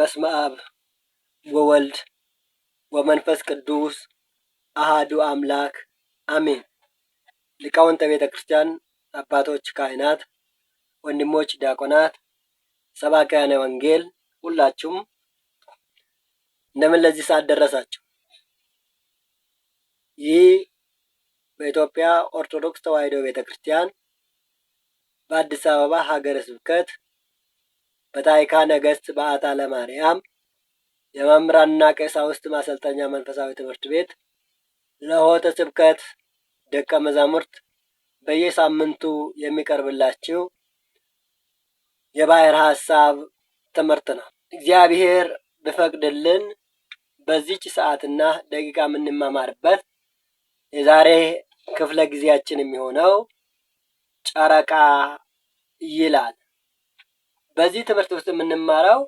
በስመ አብ ወወልድ ወመንፈስ ቅዱስ አሃዱ አምላክ አሜን። ሊቃውንተ ቤተ ክርስቲያን አባቶች፣ ካህናት፣ ወንድሞች፣ ዲያቆናት፣ ሰባክያነ ወንጌል ሁላችሁም እንደምን ለዚህ ሰዓት ደረሳችሁ። ይህ በኢትዮጵያ ኦርቶዶክስ ተዋሕዶ ቤተ ክርስቲያን በአዲስ አበባ ሀገረ ስብከት በታይካ ነገስት በአታ ለማርያም የመምህራንና ቀሳውስት ማሰልጠኛ መንፈሳዊ ትምህርት ቤት ለሆተ ስብከት ደቀ መዛሙርት በየሳምንቱ የሚቀርብላችሁ የባህር ሀሳብ ትምህርት ነው። እግዚአብሔር ብፈቅድልን በዚች ሰዓትና ደቂቃ የምንማማርበት የዛሬ ክፍለ ጊዜያችን የሚሆነው ጨረቃ ይላል። በዚህ ትምህርት ውስጥ የምንማረው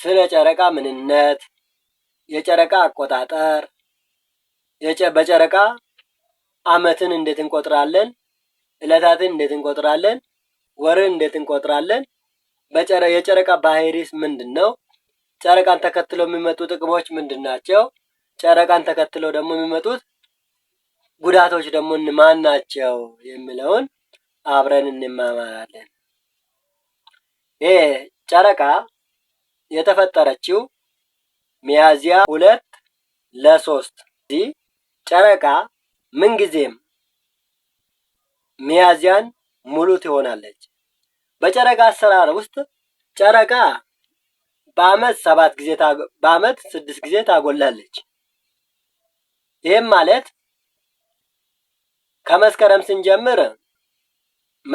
ስለ ጨረቃ ምንነት፣ የጨረቃ አቆጣጠር፣ በጨረቃ አመትን እንዴት እንቆጥራለን፣ እለታትን እንዴት እንቆጥራለን፣ ወርን እንዴት እንቆጥራለን፣ የጨረቃ ባህሪስ ምንድን ነው፣ ጨረቃን ተከትለው የሚመጡ ጥቅሞች ምንድን ናቸው፣ ጨረቃን ተከትለው ደግሞ የሚመጡት ጉዳቶች ደግሞ ማን ናቸው የሚለውን አብረን እንማማራለን። ይሄ ጨረቃ የተፈጠረችው ሚያዚያ ሁለት ለሶስት እዚህ ጨረቃ ምንጊዜም ሚያዚያን ሙሉ ትሆናለች። በጨረቃ አሰራር ውስጥ ጨረቃ በአመት ሰባት ጊዜ በአመት ስድስት ጊዜ ታጎላለች። ይህም ማለት ከመስከረም ስንጀምር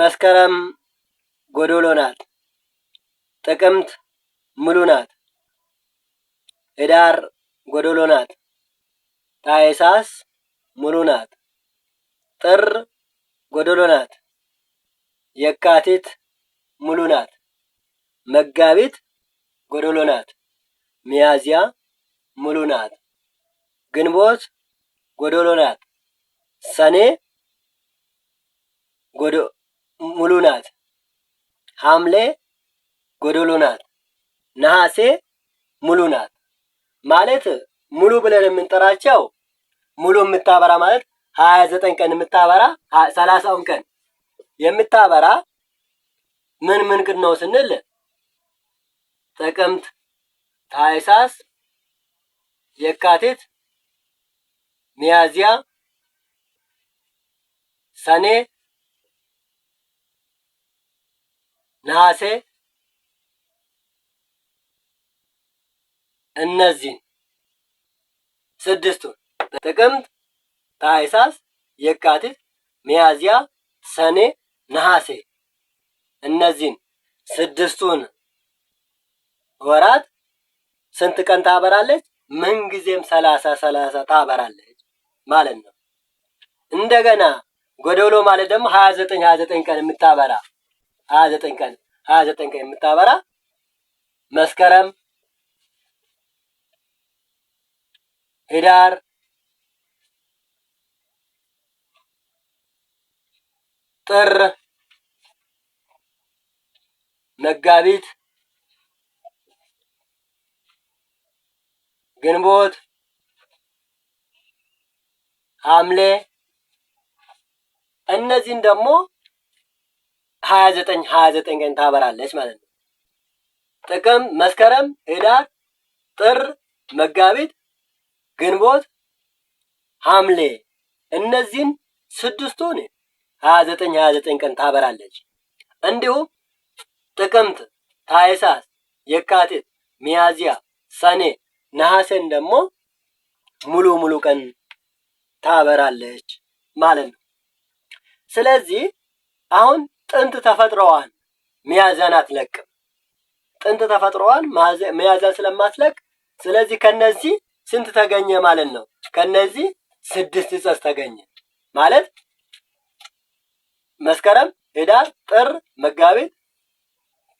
መስከረም ጎዶሎ ናት። ጥቅምት ሙሉ ናት። ህዳር ጎደሎ ናት። ታኅሳስ ሙሉ ናት። ጥር ጎደሎ ናት። የካቲት ሙሉ ናት። መጋቢት ጎደሎ ናት። ሚያዚያ ሙሉ ናት። ግንቦት ጎደሎ ናት። ሰኔ ሙሉ ናት። ሐምሌ ጎደሎ ናት። ነሐሴ ሙሉ ናት ማለት ሙሉ ብለን የምንጠራቸው ሙሉ የምታበራ ማለት ሀያ ዘጠኝ ቀን የምታበራ ሰላሳውን ቀን የምታበራ ምን ምን ቀን ነው ስንል ጥቅምት፣ ታኅሳስ፣ የካቲት፣ ሚያዚያ፣ ሰኔ፣ ነሐሴ እነዚህን ስድስቱን ጥቅምት፣ ታኅሳስ፣ የካቲት፣ ሚያዝያ፣ ሰኔ፣ ነሐሴ እነዚህን ስድስቱን ወራት ስንት ቀን ታበራለች? ምንጊዜም ሰላሳ ሰላሳ ታበራለች ማለት ነው። እንደገና ጎደሎ ማለት ደግሞ ሀያ ዘጠኝ ሀያ ዘጠኝ ቀን የምታበራ ሀያ ዘጠኝ ቀን ሀያ ዘጠኝ ቀን የምታበራ መስከረም ህዳር ጥር መጋቢት ግንቦት ሐምሌ እነዚህን ደግሞ ሀያ ዘጠኝ ሀያ ዘጠኝ ቀን ታበራለች ማለት ነው። ጥቅም፣ መስከረም፣ ህዳር፣ ጥር፣ መጋቢት ግንቦት፣ ሐምሌ እነዚህን ስድስቱን ሀያ ዘጠኝ ሀያ ዘጠኝ ቀን ታበራለች። እንዲሁም ጥቅምት፣ ታይሳስ፣ የካቲት፣ ሚያዚያ፣ ሰኔ፣ ነሐሴን ደግሞ ሙሉ ሙሉ ቀን ታበራለች ማለት ነው። ስለዚህ አሁን ጥንት ተፈጥሮዋን ሚያዝያን አትለቅም። ጥንት ተፈጥሮዋን ሚያዝያን ስለማትለቅ ስለዚህ ከነዚህ ስንት ተገኘ ማለት ነው? ከነዚህ ስድስት ዕፀስ ተገኘ ማለት መስከረም፣ ህዳር፣ ጥር፣ መጋቢት፣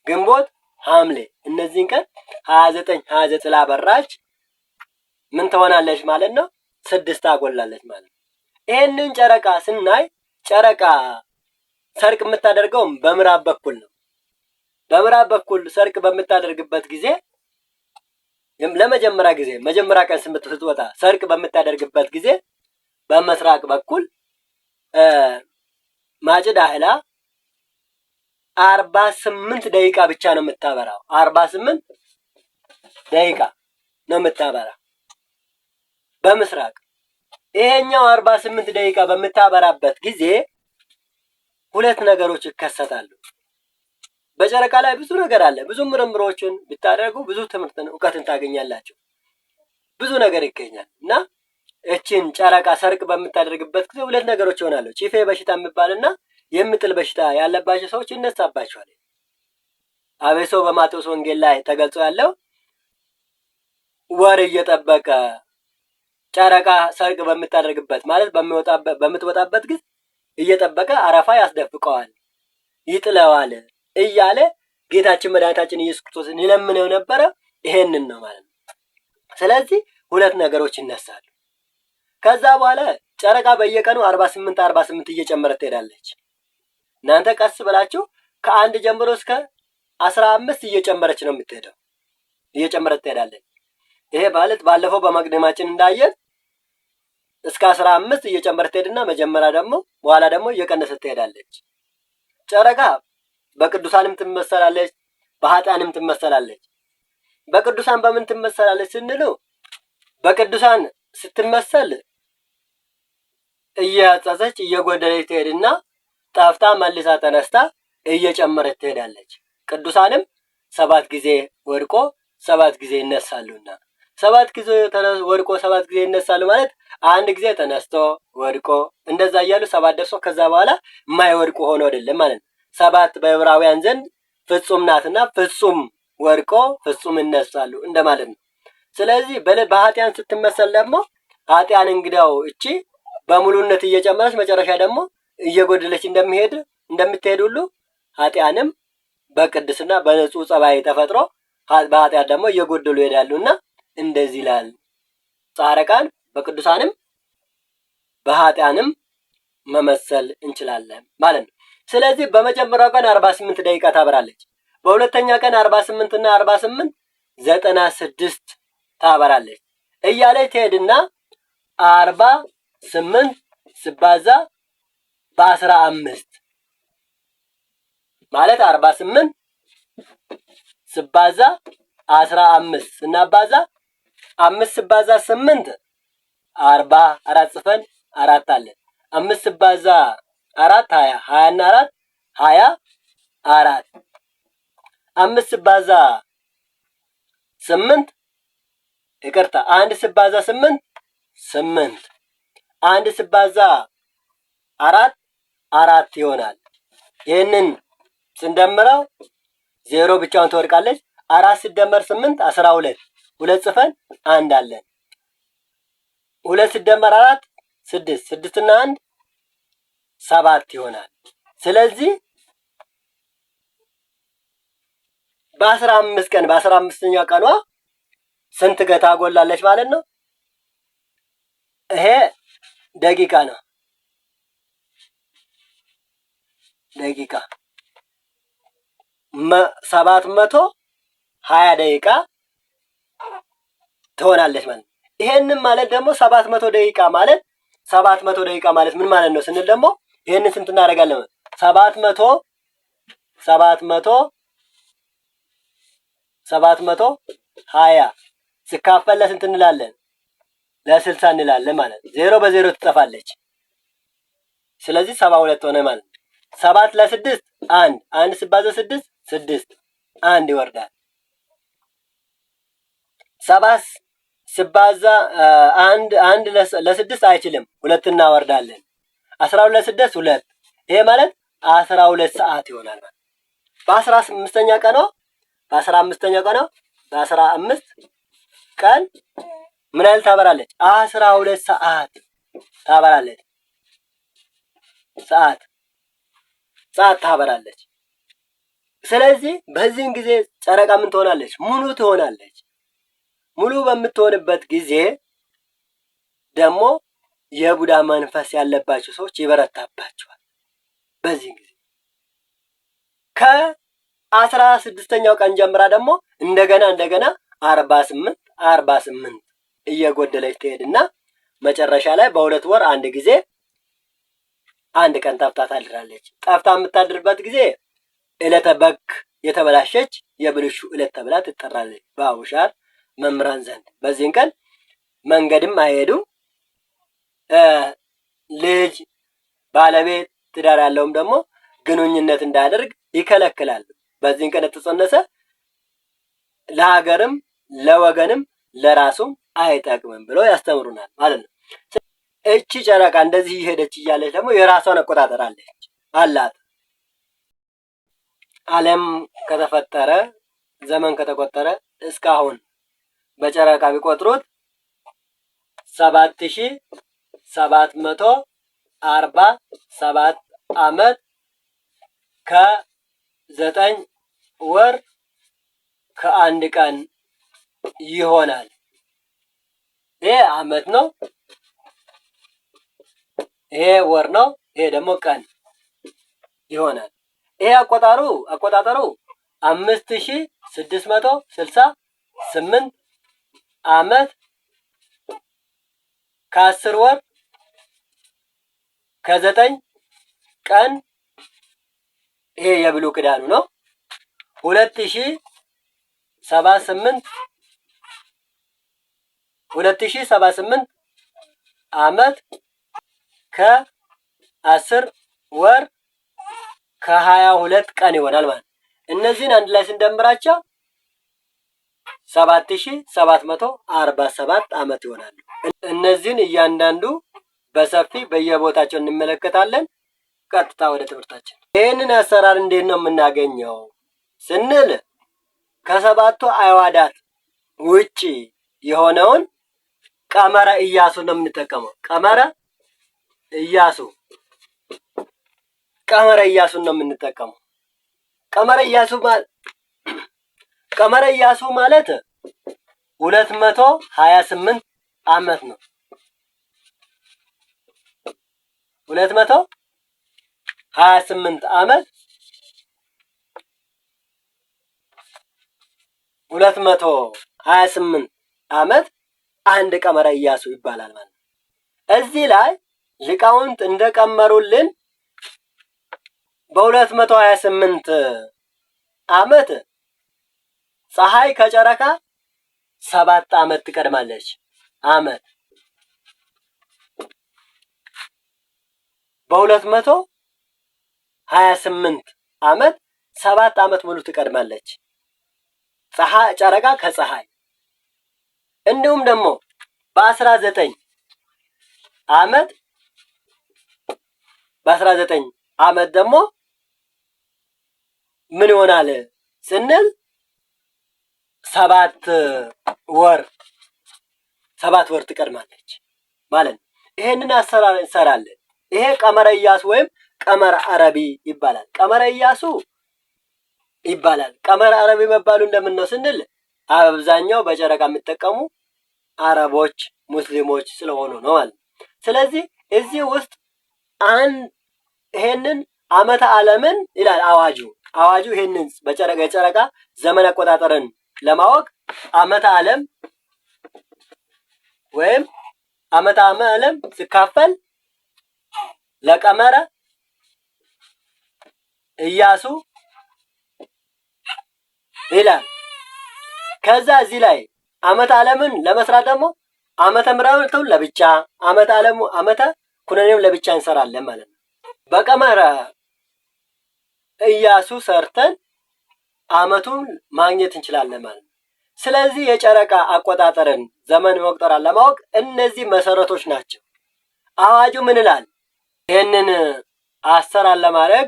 ግንቦት፣ ሐምሌ እነዚህን ቀን ሀያ ዘጠኝ ሀያ ዘጠኝ ምን ትሆናለች ማለት ነው? ስድስት አጎላለች ማለት ነው። ይህንን ጨረቃ ስናይ ጨረቃ ሰርቅ የምታደርገው በምዕራብ በኩል ነው። በምዕራብ በኩል ሰርቅ በምታደርግበት ጊዜ ለመጀመሪያ ጊዜ መጀመሪያ ቀን ስትወጣ ሰርቅ በምታደርግበት ጊዜ በምስራቅ በኩል ማጭድ አህላ አርባ ስምንት ደቂቃ ብቻ ነው የምታበራው። አርባ ስምንት ደቂቃ ነው የምታበራ በምስራቅ። ይሄኛው አርባ ስምንት ደቂቃ በምታበራበት ጊዜ ሁለት ነገሮች ይከሰታሉ። በጨረቃ ላይ ብዙ ነገር አለ። ብዙ ምርምሮችን ብታደርጉ ብዙ ትምህርትን እውቀትን ታገኛላችሁ። ብዙ ነገር ይገኛል እና እችን ጨረቃ ሰርቅ በምታደርግበት ጊዜ ሁለት ነገሮች ይሆናሉ። ቺፌ በሽታ የሚባልና የምጥል በሽታ ያለባቸው ሰዎች ይነሳባቸዋል። አቤሶ በማቴዎስ ወንጌል ላይ ተገልጾ ያለው ወር እየጠበቀ ጨረቃ ሰርቅ በምታደርግበት ማለት በምትወጣበት ጊዜ እየጠበቀ አረፋ ያስደፍቀዋል፣ ይጥለዋል። እያለ ጌታችን መድኃኒታችን ኢየሱስ ክርስቶስን ይለምነው ነበረ። ይሄንን ነው ማለት ነው። ስለዚህ ሁለት ነገሮች ይነሳሉ። ከዛ በኋላ ጨረቃ በየቀኑ አርባ ስምንት አርባ ስምንት እየጨመረ ትሄዳለች። እናንተ ቀስ ብላችሁ ከአንድ ጀምሮ እስከ አስራ አምስት እየጨመረች ነው የምትሄደው፣ እየጨመረ ትሄዳለች። ይሄ ማለት ባለፈው በመቅደማችን እንዳየን እስከ አስራ አምስት እየጨመረ ትሄድና መጀመሪያ ደግሞ በኋላ ደግሞ እየቀነሰ ትሄዳለች። ጨረቃ በቅዱሳንም ትመሰላለች፣ በሀጣንም ትመሰላለች። በቅዱሳን በምን ትመሰላለች ስንሉ በቅዱሳን ስትመሰል እየጸጸች እየጎደለች ትሄድና ጠፍታ መልሳ ተነስታ እየጨመረች ትሄዳለች። ቅዱሳንም ሰባት ጊዜ ወድቆ ሰባት ጊዜ ይነሳሉና ሰባት ጊዜ ወድቆ ሰባት ጊዜ ይነሳሉ ማለት አንድ ጊዜ ተነስቶ ወድቆ እንደዛ እያሉ ሰባት ደርሶ ከዛ በኋላ የማይወድቁ ሆኖ አይደለም ማለት ነው። ሰባት በዕብራውያን ዘንድ ፍጹም ናትና ፍጹም ወድቆ ፍጹም ይነሳሉ እንደማለት ነው። ስለዚህ በኃጢያን ስትመሰል ደግሞ ኃጢያን እንግዲያው እቺ በሙሉነት እየጨመረች መጨረሻ ደግሞ እየጎደለች እንደሚሄድ እንደምትሄድ ሁሉ ኃጢያንም በቅድስና በንጹህ ጸባይ ተፈጥሮ በኃጢአት ደግሞ እየጎደሉ ይሄዳሉ እና እንደዚህ ይላል ጻረቃን በቅዱሳንም በኃጢያንም መመሰል እንችላለን ማለት ነው። ስለዚህ በመጀመሪያው ቀን 48 ደቂቃ ታበራለች። በሁለተኛ ቀን 48 እና 48 ዘጠና ስድስት ታበራለች እያለች ትሄድና አርባ ስምንት ስባዛ በአስራ አምስት ማለት አርባ ስምንት ስባዛ አስራ አምስት ስናባዛ አምስት ስባዛ ስምንት አርባ አራት ጽፈን አራት አለን አምስት ስባዛ አራት ሀያ ሀያ እና አራት ሀያ አራት አምስት ስባዛ ስምንት ይቅርታ፣ አንድ ስባዛ ስምንት ስምንት አንድ ስባዛ አራት አራት ይሆናል። ይህንን ስንደምረው ዜሮ ብቻውን ትወድቃለች። አራት ስደመር ስምንት አስራ ሁለት ሁለት ጽፈን አንድ አለን። ሁለት ስደመር አራት ስድስት ስድስትና አንድ ሰባት ይሆናል። ስለዚህ በአስራ አምስት ቀን በአስራ አምስተኛ ቀኗ ስንት ገታ ጎላለች ማለት ነው። ይሄ ደቂቃ ነው። ደቂቃ ሰባት መቶ ሀያ ደቂቃ ትሆናለች ማለት ነው። ይሄንም ማለት ደግሞ ሰባት መቶ ደቂቃ ማለት ሰባት መቶ ደቂቃ ማለት ምን ማለት ነው ስንል ደግሞ ይህን ስንት እናደርጋለን? ሰባት መቶ ሰባት መቶ ሰባት መቶ ሀያ ስካፈል ለስንት እንላለን? ለስልሳ እንላለን ማለት ነው። ዜሮ በዜሮ ትጠፋለች። ስለዚህ ሰባ ሁለት ሆነ ማለት ነው። ሰባት ለስድስት አንድ አንድ ስባዘ ስድስት ስድስት አንድ ይወርዳል። ሰባት ስባዛ አንድ አንድ ለስድስት አይችልም። ሁለት እናወርዳለን። አስራ ሁለት ስድስት ሁለት ይሄ ማለት አስራ ሁለት ሰዓት ይሆናል ማለት በአስራ አምስተኛ ቀኗ በአስራ አምስተኛ ቀኗ በአስራ አምስት ቀን ምን ያህል ታበራለች? አስራ ሁለት ሰዓት ታበራለች። ሰዓት ሰዓት ታበራለች። ስለዚህ በዚህን ጊዜ ጨረቃ ምን ትሆናለች? ሙሉ ትሆናለች። ሙሉ በምትሆንበት ጊዜ ደግሞ የቡዳ መንፈስ ያለባቸው ሰዎች ይበረታባቸዋል። በዚህ ጊዜ ከአስራ ስድስተኛው ቀን ጀምራ ደግሞ እንደገና እንደገና አርባ ስምንት አርባ ስምንት እየጎደለች ትሄድና መጨረሻ ላይ በሁለት ወር አንድ ጊዜ አንድ ቀን ጠፍታ ታድራለች። ጠፍታ የምታድርበት ጊዜ እለተ በክ የተበላሸች የብልሹ እለት ተብላ ትጠራለች በአቡሻር መምህራን ዘንድ። በዚህን ቀን መንገድም አይሄዱም ልጅ ባለቤት ትዳር ያለውም ደግሞ ግንኙነት እንዳያደርግ ይከለክላል። በዚህን ቀን የተጸነሰ ለሀገርም ለወገንም ለራሱም አይጠቅምም ብሎ ያስተምሩናል ማለት ነው። እቺ ጨረቃ እንደዚህ ይሄደች እያለች ደግሞ የራሷን አቆጣጠር አለች አላት። ዓለም ከተፈጠረ ዘመን ከተቆጠረ እስካሁን በጨረቃ ቢቆጥሩት ሰባት ሺህ ሰባት መቶ አርባ ሰባት ዓመት ከዘጠኝ ወር ከአንድ ቀን ይሆናል። ይሄ ዓመት ነው። ይሄ ወር ነው። ይሄ ደግሞ ቀን ይሆናል። ይሄ አቆጣሩ አቆጣጠሩ አምስት ሺ ስድስት መቶ ስልሳ ስምንት ዓመት ከአስር ወር ከዘጠኝ ቀን ይሄ የብሉ ክዳኑ ነው። ሁለት ሺ ሰባ ስምንት ሁለት ሺ ሰባ ስምንት አመት ከአስር ወር ከሀያ ሁለት ቀን ይሆናል ማለት እነዚህን አንድ ላይ ስንደምራቸው ሰባት ሺ ሰባት መቶ አርባ ሰባት አመት ይሆናሉ። እነዚህን እያንዳንዱ በሰፊ በየቦታቸው እንመለከታለን። ቀጥታ ወደ ትምህርታችን። ይህንን አሰራር እንዴት ነው የምናገኘው ስንል ከሰባቱ አዕዋዳት ውጪ የሆነውን ቀመረ እያሱ ነው የምንጠቀመው። ቀመረ እያሱ ቀመረ እያሱ ነው የምንጠቀመው። ቀመረ እያሱ ማለት ቀመረ እያሱ ማለት ሁለት መቶ ሀያ ስምንት አመት ነው። ሁለት መቶ ሀያ ስምንት አመት ሁለት መቶ ሀያ ስምንት አንድ ቀመረ እያሱ ይባላል ማለት ነው። እዚህ ላይ ሊቃውንት እንደቀመሩልን በሁለት መቶ ሀያ ስምንት ፀሐይ ከጨረቃ ሰባት አመት ትቀድማለች በሁለት መቶ ሀያ ስምንት አመት ሰባት አመት ሙሉ ትቀድማለች ፀሐይ ጨረቃ ከፀሐይ እንዲሁም ደግሞ በአስራ ዘጠኝ አመት በአስራ ዘጠኝ አመት ደግሞ ምን ይሆናል ስንል ሰባት ወር ሰባት ወር ትቀድማለች ማለት ነው። ይሄንን አሰራር እንሰራለን። ይሄ ቀመረ እያሱ ወይም ቀመር አረቢ ይባላል። ቀመረ እያሱ ይባላል። ቀመር አረቢ መባሉ እንደምን ነው ስንል አብዛኛው በጨረቃ የሚጠቀሙ አረቦች ሙስሊሞች ስለሆኑ ነው ማለት ስለዚህ እዚህ ውስጥ አንድ ይሄንን አመተ ዓለምን ይላል አዋጁ አዋጁ ይሄንን በጨረቃ የጨረቃ ዘመን አቆጣጠርን ለማወቅ ዓመተ ዓለም ወይም ዓመተ ዓለም ሲካፈል ለቀመረ እያሱ ይላል። ከዛ እዚህ ላይ አመት ዓለምን ለመስራት ደግሞ አመተ ምሕረቱን ለብቻ አመት ዓለሙ አመተ ኩነኔም ለብቻ እንሰራለን ማለት ነው። በቀመረ እያሱ ሰርተን አመቱን ማግኘት እንችላለን ማለት ነው። ስለዚህ የጨረቃ አቆጣጠርን ዘመን መቁጠራን ለማወቅ እነዚህ መሰረቶች ናቸው። አዋጁ ምን ይላል? ይህንን አሰራር ለማድረግ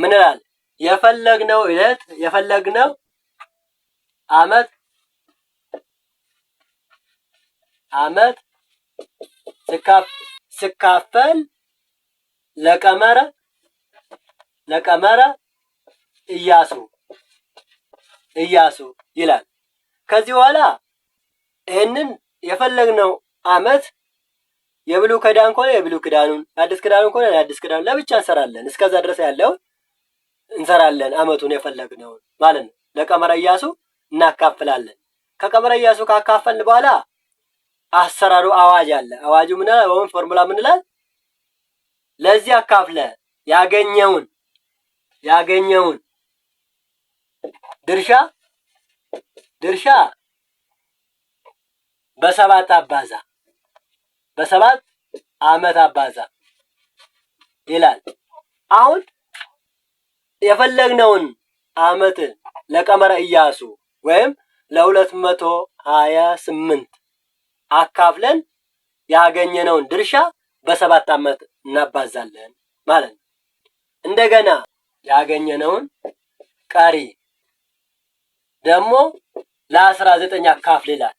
ምን ይላል? የፈለግነው ዕለት የፈለግነው አመት አመት ሲካፈል ለቀመረ ለቀመረ እያሱ እያሱ ይላል። ከዚህ በኋላ ይህንን የፈለግነው አመት የብሉ ክዳን ከሆነ የብሉ ክዳኑን የአዲስ ክዳኑን ከሆነ የአዲስ ክዳኑን ለብቻ እንሰራለን። እስከዛ ድረስ ያለው እንሰራለን። አመቱን የፈለግነውን ማለት ነው። ለቀመረ እያሱ እናካፍላለን። ከቀመረ እያሱ ካካፈልን በኋላ አሰራሩ አዋጅ አለ። አዋጁ ምን ወይም ፎርሙላ ምን ይላል? ለዚህ አካፍለ ያገኘውን ያገኘውን ድርሻ ድርሻ በሰባት አባዛ በሰባት ዓመት አባዛ ይላል። አሁን የፈለግነውን ዓመት ለቀመረ እያሱ ወይም ለሁለት መቶ ሀያ ስምንት አካፍለን ያገኘነውን ድርሻ በሰባት ዓመት እናባዛለን ማለት ነው። እንደገና ያገኘነውን ቀሪ ደግሞ ለአስራ ዘጠኝ አካፍል ይላል።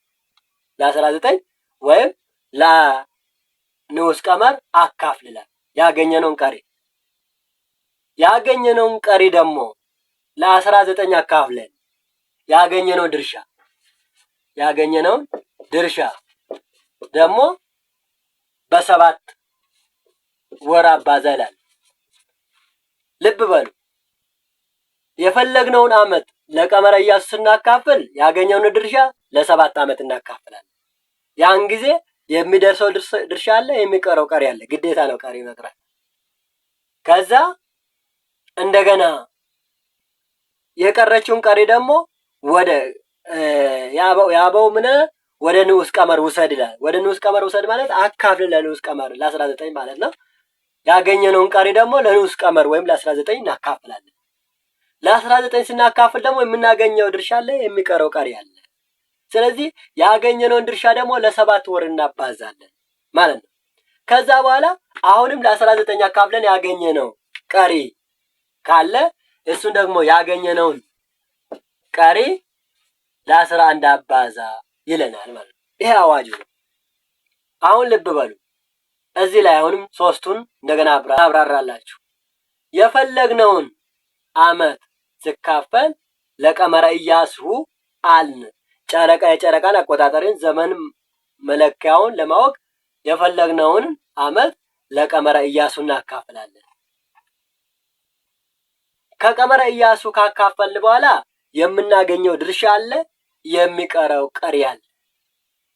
ለአስራ ዘጠኝ ወይም ንዑስ ቀመር አካፍልላል። ያገኘነውን ቀሪ ያገኘነውን ቀሪ ደግሞ ለአስራ ዘጠኝ አካፍለን ያገኘነው ድርሻ ያገኘነውን ድርሻ ደግሞ በሰባት ወር አባዛ ይላል። ልብ በሉ የፈለግነውን አመት ለቀመረ እያሱ ስናካፍል ያገኘውን ድርሻ ለሰባት አመት እናካፍላለን። ያን ጊዜ የሚደርሰው ድርሻ አለ፣ የሚቀረው ቀሪ አለ። ግዴታ ነው ቀሪ መቅረት። ከዛ እንደገና የቀረችውን ቀሪ ደግሞ ወደ የአበው ምነ ወደ ንዑስ ቀመር ውሰድ ይላል። ወደ ንዑስ ቀመር ውሰድ ማለት አካፍል ለንዑስ ቀመር ለ19 ማለት ነው። ያገኘነውን ቀሪ ደግሞ ለንዑስ ቀመር ወይም ለ19 እናካፍላለን። ለ ለ19 ስናካፍል ደግሞ የምናገኘው ድርሻ አለ፣ የሚቀረው ቀሪ አለ። ስለዚህ ያገኘነውን ድርሻ ደግሞ ለሰባት ወር እናባዛለን ማለት ነው። ከዛ በኋላ አሁንም ለአስራ ዘጠኝ አካፍለን ያገኘነው ቀሪ ካለ እሱን ደግሞ ያገኘነውን ቀሪ ለአስራ አንድ አባዛ ይለናል ማለት ነው። ይሄ አዋጅ ነው። አሁን ልብ በሉ እዚህ ላይ አሁንም ሶስቱን እንደገና አብራራላችሁ። የፈለግነውን አመት ስካፈል ለቀመረ እያስሁ አልን ጨረቃ የጨረቃን አቆጣጠርን ዘመን መለኪያውን ለማወቅ የፈለግነውን አመት ለቀመረ እያሱ እናካፍላለን። ከቀመረ እያሱ ካካፈልን በኋላ የምናገኘው ድርሻ አለ፣ የሚቀረው ቀሪ አለ።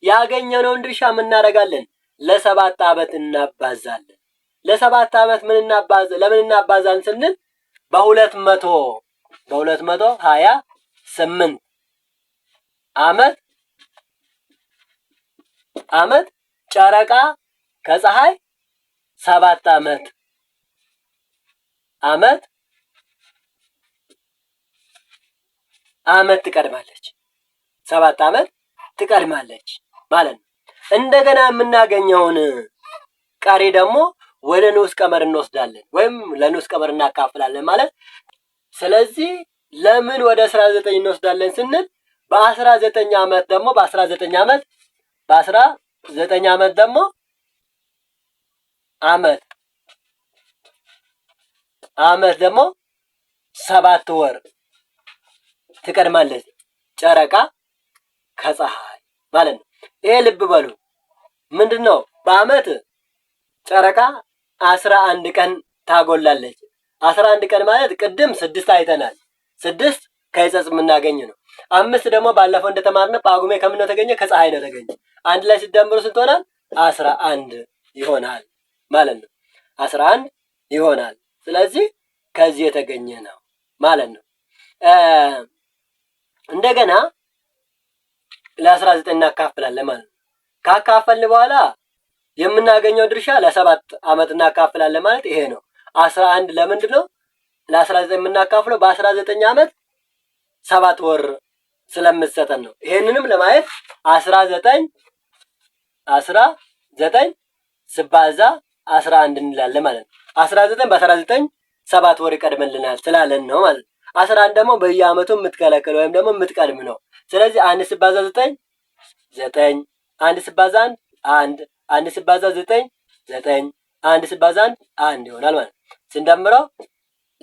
ያገኘነውን ድርሻ እናደርጋለን ለሰባት አመት እናባዛለን። ለሰባት አመት ምን እናባዝ ለምን እናባዛን ስንል በሁለት መቶ በሁለት መቶ ሀያ ስምንት አመት አመት ጨረቃ ከፀሐይ ሰባት አመት አመት አመት ትቀድማለች ሰባት አመት ትቀድማለች ማለት ነው። እንደገና የምናገኘውን ቀሪ ደግሞ ወደ ንዑስ ቀመር እንወስዳለን ወይም ለንዑስ ቀመር እናካፍላለን ማለት ስለዚህ ለምን ወደ አስራ ዘጠኝ እንወስዳለን ስንል በአስራ ዘጠኝ ዓመት ደግሞ በአስራ ዘጠኝ ዓመት በአስራ ዘጠኝ ዓመት ደግሞ ዓመት ዓመት ደግሞ ሰባት ወር ትቀድማለች ጨረቃ ከፀሐይ ማለት ነው። ይሄ ልብ በሉ ምንድን ነው? በዓመት ጨረቃ አስራ አንድ ቀን ታጎላለች። አስራ አንድ ቀን ማለት ቅድም ስድስት አይተናል። ስድስት ከይጸጽ የምናገኝ ነው። አምስት ደግሞ ባለፈው እንደተማርነ ጳጉሜ ከምን ነው ተገኘ? ከፀሐይ ነው ተገኘ። አንድ ላይ ሲደምሩ ስንት ሆናል? አስራ አንድ ይሆናል ማለት ነው። አስራ አንድ ይሆናል። ስለዚህ ከዚህ የተገኘ ነው ማለት ነው። እንደገና ለአስራ ዘጠኝ እናካፍላለን ማለት ነው። ካካፈልን በኋላ የምናገኘው ድርሻ ለሰባት አመት እናካፍላለን ማለት ይሄ ነው። አስራ አንድ ለምንድን ነው ለአስራ ዘጠኝ የምናካፍለው? በአስራ ዘጠኝ አመት ሰባት ወር ስለምትሰጠን ነው። ይሄንንም ለማየት አስራ ዘጠኝ አስራ ዘጠኝ ስባዛ አስራ አንድ እንላለን ማለት ነው። አስራ ዘጠኝ በአስራ ዘጠኝ ሰባት ወር ይቀድምልናል ስላለን ነው ማለት ነው። አስራ አንድ ደግሞ በየአመቱ የምትከለክል ወይም ደግሞ የምትቀድም ነው። ስለዚህ አንድ ስባዛ ዘጠኝ ዘጠኝ አንድ ስባዛ አንድ አንድ አንድ ስባዛ ዘጠኝ ዘጠኝ አንድ ስባዛ አንድ አንድ ይሆናል ማለት ነው። ስንደምረው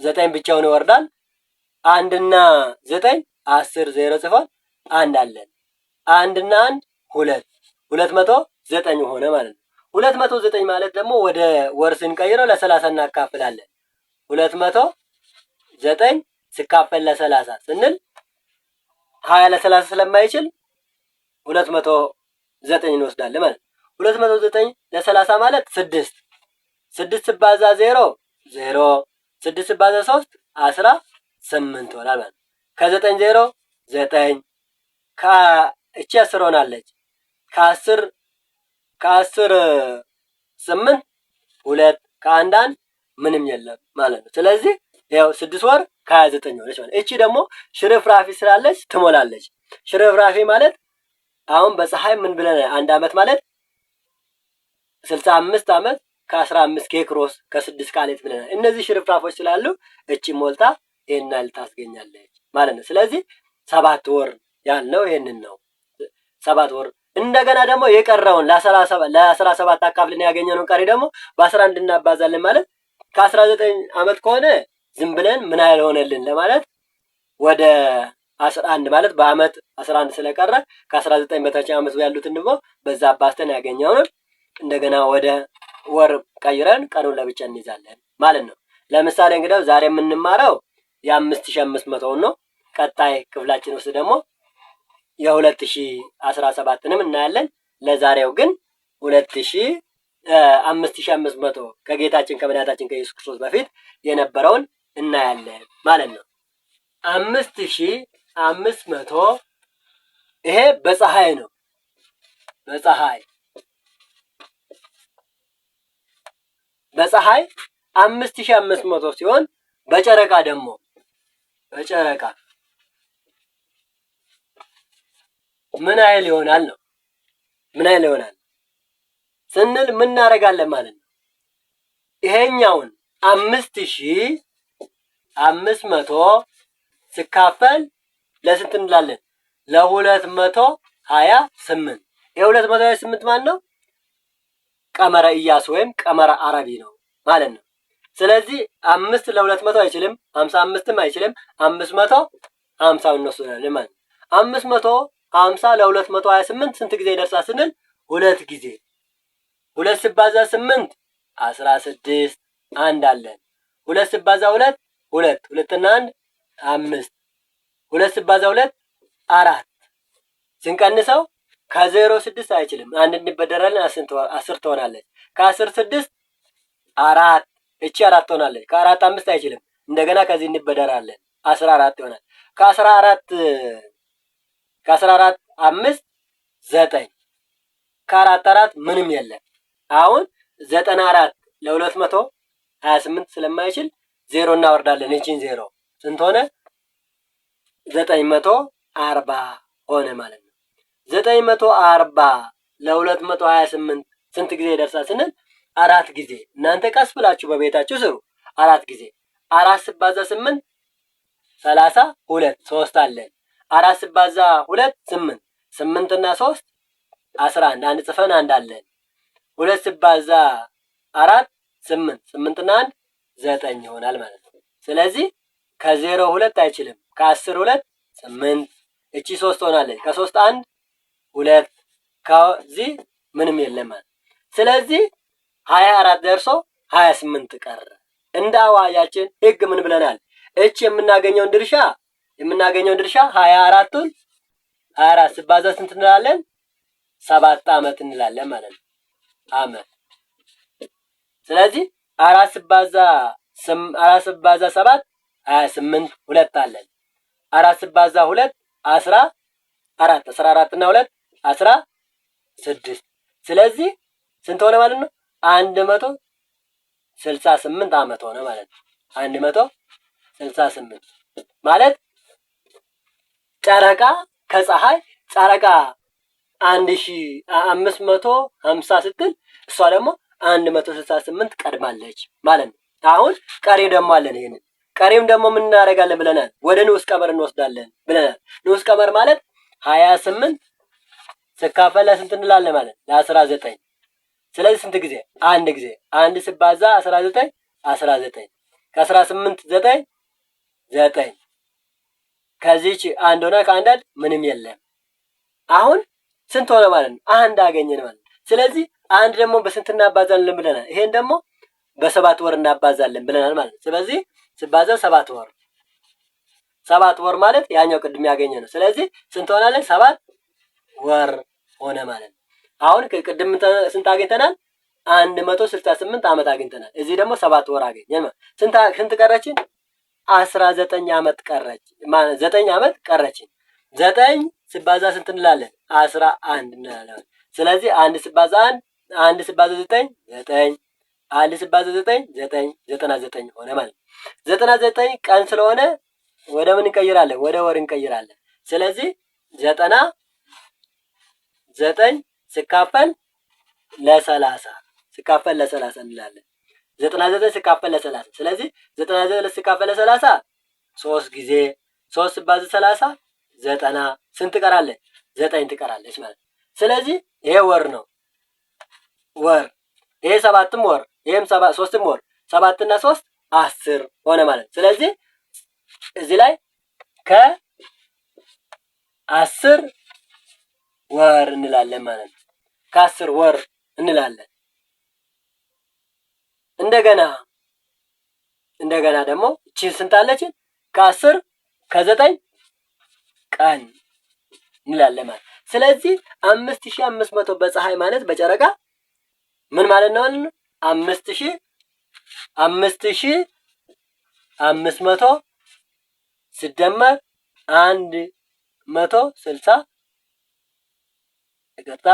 ዘጠኝ ብቻውን ይወርዳል። አንድና ዘጠኝ አስር ዜሮ ጽፈን አንድ አለን። አንድና አንድ ሁለት ሁለት መቶ ዘጠኝ ሆነ ማለት ነው። ሁለት መቶ ዘጠኝ ማለት ደግሞ ወደ ወር ስንቀይረው ለሰላሳ እናካፍላለን። ሁለት መቶ ዘጠኝ ስካፈል ለሰላሳ ስንል ሀያ ለሰላሳ ስለማይችል ሁለት መቶ ዘጠኝ እንወስዳለን ማለት ነው። ሁለት መቶ ዘጠኝ ለሰላሳ ማለት ስድስት ስድስት ሲባዛ ዜሮ ዜሮ ስድስት ሲባዛ ሶስት አስራ ስምንት ሆናል ማለት ነው። ከዘጠኝ ዜሮ ዘጠኝ እቺ አስር ሆናለች። ከአስር ከአስር ስምንት ሁለት ከአንድ አንድ ምንም የለም ማለት ነው። ስለዚህ ያው ስድስት ወር ከሀያ ዘጠኝ ሆነች ማለት እቺ ደግሞ ሽርፍራፊ ስላለች ትሞላለች። ሽርፍራፊ ማለት አሁን በፀሐይ ምን ብለን አንድ አመት ማለት ስልሳ አምስት አመት ከአስራ አምስት ኬክሮስ ከስድስት ቃሌት ብለናል። እነዚህ ሽርፍራፎች ስላሉ እቺ ሞልታ ይህና ታስገኛለች። ማለት ነው። ስለዚህ ሰባት ወር ያለው ይህንን ነው። ሰባት ወር እንደገና ደግሞ የቀረውን ለአስራ ሰባት አካፍልን ያገኘነው ቀሪ ደግሞ በአስራ አንድ እናባዛለን ማለት ከአስራ ዘጠኝ ዓመት ከሆነ ዝም ብለን ምን ያህል ሆነልን ለማለት ወደ አስራ አንድ ማለት በአመት አስራ አንድ ስለቀረ ከአስራ ዘጠኝ በታች ዓመት ያሉትን ደግሞ በዛ አባስተን ያገኘውን እንደገና ወደ ወር ቀይረን ቀኑን ለብቻ እንይዛለን ማለት ነው። ለምሳሌ እንግዲያው ዛሬ የምንማረው የአምስት ሺ አምስት መቶውን ነው። ቀጣይ ክፍላችን ውስጥ ደግሞ የሁለት ሺ አስራ ሰባትንም እናያለን። ለዛሬው ግን ሁለት አምስት አምስት መቶ ከጌታችን ከመድኃኒታችን ከኢየሱስ ክርስቶስ በፊት የነበረውን እናያለን ማለት ነው። አምስት ሺህ አምስት መቶ ይሄ በፀሐይ ነው። በፀሐይ በፀሐይ አምስት አምስት መቶ ሲሆን በጨረቃ ደግሞ በጨረቃ ምን ያህል ይሆናል ነው። ምን ያህል ይሆናል ስንል ምን እናደርጋለን ማለት ነው። ይሄኛውን አምስት ሺህ አምስት መቶ ስካፈል ለስንት እንላለን? ለሁለት መቶ ሀያ ስምንት የሁለት መቶ ሀያ ስምንት ማለት ነው ቀመረ እያሱ ወይም ቀመረ አረቢ ነው ማለት ነው። ስለዚህ አምስት ለሁለት መቶ አይችልም፣ ሀምሳ አምስትም አይችልም። አምስት መቶ ሀምሳውን እንወስዳለን ማለት ነው። አምስት መቶ ከ50 ለ228 ስንት ጊዜ ይደርሳል ስንል ሁለት ጊዜ። ሁለት ስባዛ 8 16 አንድ አለን። ሁለት ሲባዛ 2 ሁለት ሁለትና አንድ አምስት። ሁለት ሲባዛ 2 አራት። ስንቀንሰው ከዜሮ ስድስት አይችልም። አንድ እንበደራለን አስር ትሆናለች። ከአስር ስድስት አራት እቺ አራት ትሆናለች። ከአራት አምስት አይችልም። እንደገና ከዚህ እንበደራለን አስራ አራት ይሆናል። ከአስራ አራት ከአስራ አራት አምስት ዘጠኝ ከአራት አራት ምንም የለም። አሁን ዘጠና አራት ለሁለት መቶ ሀያ ስምንት ስለማይችል ዜሮ እናወርዳለን። እቺን ዜሮ ስንት ሆነ? ዘጠኝ መቶ አርባ ሆነ ማለት ነው። ዘጠኝ መቶ አርባ ለሁለት መቶ ሀያ ስምንት ስንት ጊዜ ይደርሳል ስንል አራት ጊዜ። እናንተ ቀስ ብላችሁ በቤታችሁ ስሩ። አራት ጊዜ አራት ስባዛ ስምንት ሰላሳ ሁለት ሶስት አለን አራት ሲባዛ ሁለት ስምንት ስምንትና ሶስት አስራ አንድ አንድ ጽፈን አንድ አለን። ሁለት ሲባዛ አራት ስምንት ስምንትና አንድ ዘጠኝ ይሆናል ማለት ነው። ስለዚህ ከዜሮ ሁለት አይችልም። ከአስር ሁለት ስምንት እቺ ሶስት ሆናለች። ከሶስት አንድ ሁለት ከዚህ ምንም የለም ማለት ስለዚህ ሀያ አራት ደርሶ ሀያ ስምንት ቀረ። እንደ አዋያችን ህግ ምን ብለናል? እች የምናገኘውን ድርሻ የምናገኘው ድርሻ ሀያ አራቱን ሀያ አራት ስባዛ ስንት እንላለን? ሰባት አመት እንላለን ማለት ነው። አመት ስለዚህ አራት ስባዛ አራት ስባዛ ሰባት ሀያ ስምንት ሁለት አለን። አራት ስባዛ ሁለት አስራ አራት አስራ አራት እና ሁለት አስራ ስድስት ስለዚህ ስንት ሆነ ማለት ነው? አንድ መቶ ስልሳ ስምንት አመት ሆነ ማለት ነው። አንድ መቶ ስልሳ ስምንት ማለት ጨረቃ ከፀሐይ ጨረቃ አንድ ሺ አምስት መቶ ሀምሳ ስትል እሷ ደግሞ አንድ መቶ ስልሳ ስምንት ቀድማለች ማለት ነው። አሁን ቀሪ ደግሞ አለን። ይህንን ቀሪም ደግሞ ምን እናደርጋለን ብለናል? ወደ ንዑስ ቀመር እንወስዳለን ብለናል። ንዑስ ቀመር ማለት ሀያ ስምንት ስካፈል ለስንት እንላለን ማለት ለአስራ ዘጠኝ ስለዚህ ስንት ጊዜ? አንድ ጊዜ። አንድ ስባዛ አስራ ዘጠኝ አስራ ዘጠኝ ከአስራ ስምንት ዘጠኝ ዘጠኝ ከዚች አንድ ሆነ ከአንዳንድ ምንም የለም። አሁን ስንት ሆነ ማለት ነው? አንድ አገኘን ማለት ነው። ስለዚህ አንድ ደግሞ በስንት እናባዛለን ብለናል። ይሄን ደግሞ በሰባት ወር እናባዛለን ብለናል ማለት ነው። ስለዚህ ስባዛ ሰባት ወር ሰባት ወር ማለት ያኛው ቅድም ያገኘ ነው። ስለዚህ ስንት ሆናለን? ሰባት ወር ሆነ ማለት ነው። አሁን ቅድም ስንት አግኝተናል? አንድ መቶ ስልሳ ስምንት ዓመት አግኝተናል። እዚህ ደግሞ ሰባት ወር አገኘን ማለት ስንት ቀረችን? አስራ ዘጠኝ ዓመት ቀረች። ዘጠኝ ዓመት ቀረችን። ዘጠኝ ስባዛ ስንት እንላለን? አስራ አንድ እንላለን። ስለዚህ አንድ ስባዛ አንድ አንድ ስባዛ ዘጠኝ ዘጠኝ አንድ ስባዛ ዘጠኝ ዘጠኝ ዘጠና ዘጠኝ ሆነ ማለት ነው። ዘጠና ዘጠኝ ቀን ስለሆነ ወደ ምን እንቀይራለን? ወደ ወር እንቀይራለን። ስለዚህ ዘጠና ዘጠኝ ስካፈል ለሰላሳ ስካፈል ለሰላሳ እንላለን። ዘጠና ዘጠኝ ሲካፈል ለሰላሳ ስለዚህ ዘጠና ዘጠኝ ሲካፈል ለሰላሳ ሶስት ጊዜ ሶስት ባዝ ሰላሳ ዘጠና ስንት ትቀራለች? ዘጠኝ ትቀራለች ማለት ነው። ስለዚህ ይሄ ወር ነው ወር ይሄ ሰባትም ወር ይሄም ሶስትም ወር ሰባትና ሶስት አስር ሆነ ማለት ነው። ስለዚህ እዚህ ላይ ከአስር ወር እንላለን ማለት ነው። ከአስር ወር እንላለን። እንደገና እንደገና ደግሞ እቺ ስንጣለችን ከአስር ከዘጠኝ ቀን እንላለን ማለት ስለዚህ አምስት ሺህ አምስት መቶ በፀሐይ ማለት በጨረቃ ምን ማለት ነው? አምስት ሺህ አምስት ሺህ አምስት መቶ ሲደመር አንድ መቶ ስልሳ ይቅርታ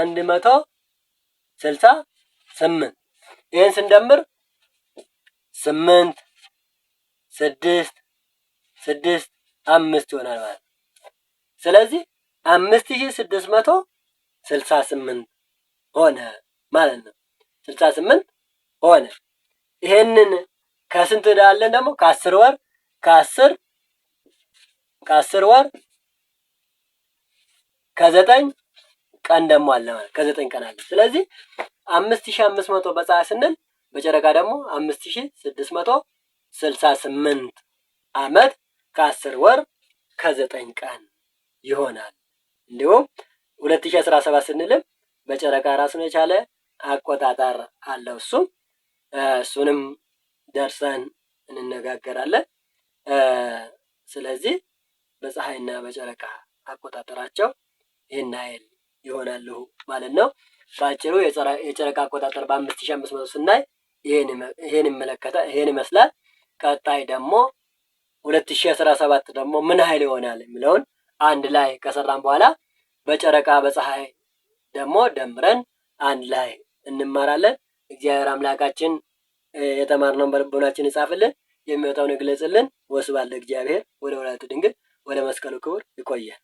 አንድ መቶ ስልሳ ስምንት ይህን ስንደምር ስምንት ስድስት ስድስት አምስት ይሆናል ማለት ነው። ስለዚህ አምስት ሺህ ስድስት መቶ ስልሳ ስምንት ሆነ ማለት ነው። ስልሳ ስምንት ሆነ። ይሄንን ከስንት ዕዳ አለን ደግሞ ከአስር ወር ከአስር ከአስር ወር ከዘጠኝ ቀን ደግሞ አለ ማለት ከዘጠኝ ቀን አለ። ስለዚህ አምስት ሺ አምስት መቶ በፀሐይ ስንል በጨረቃ ደግሞ አምስት ሺ ስድስት መቶ ስልሳ ስምንት አመት ከአስር ወር ከዘጠኝ ቀን ይሆናል። እንዲሁም ሁለት ሺ አስራ ሰባት ስንልም በጨረቃ ራሱን የቻለ አቆጣጠር አለው። እሱም እሱንም ደርሰን እንነጋገራለን። ስለዚህ በፀሐይና በጨረቃ አቆጣጠራቸው ይህን ያህል ይሆናሉ ማለት ነው። በአጭሩ የጨረቃ አቆጣጠር በአምስት ሺ አምስት መቶ ስናይ ይሄን ይመለከታ ይሄን ይመስላል። ቀጣይ ደግሞ ሁለት ሺ አስራ ሰባት ደግሞ ምን ኃይል ይሆናል የሚለውን አንድ ላይ ከሰራን በኋላ በጨረቃ በፀሐይ ደግሞ ደምረን አንድ ላይ እንማራለን። እግዚአብሔር አምላካችን የተማርነውን በልቦናችን ይጻፍልን፣ የሚወጣውን ይግለጽልን። ወስብሐት ለእግዚአብሔር ወለወላዲቱ ድንግል ወለመስቀሉ ክቡር። ይቆያል።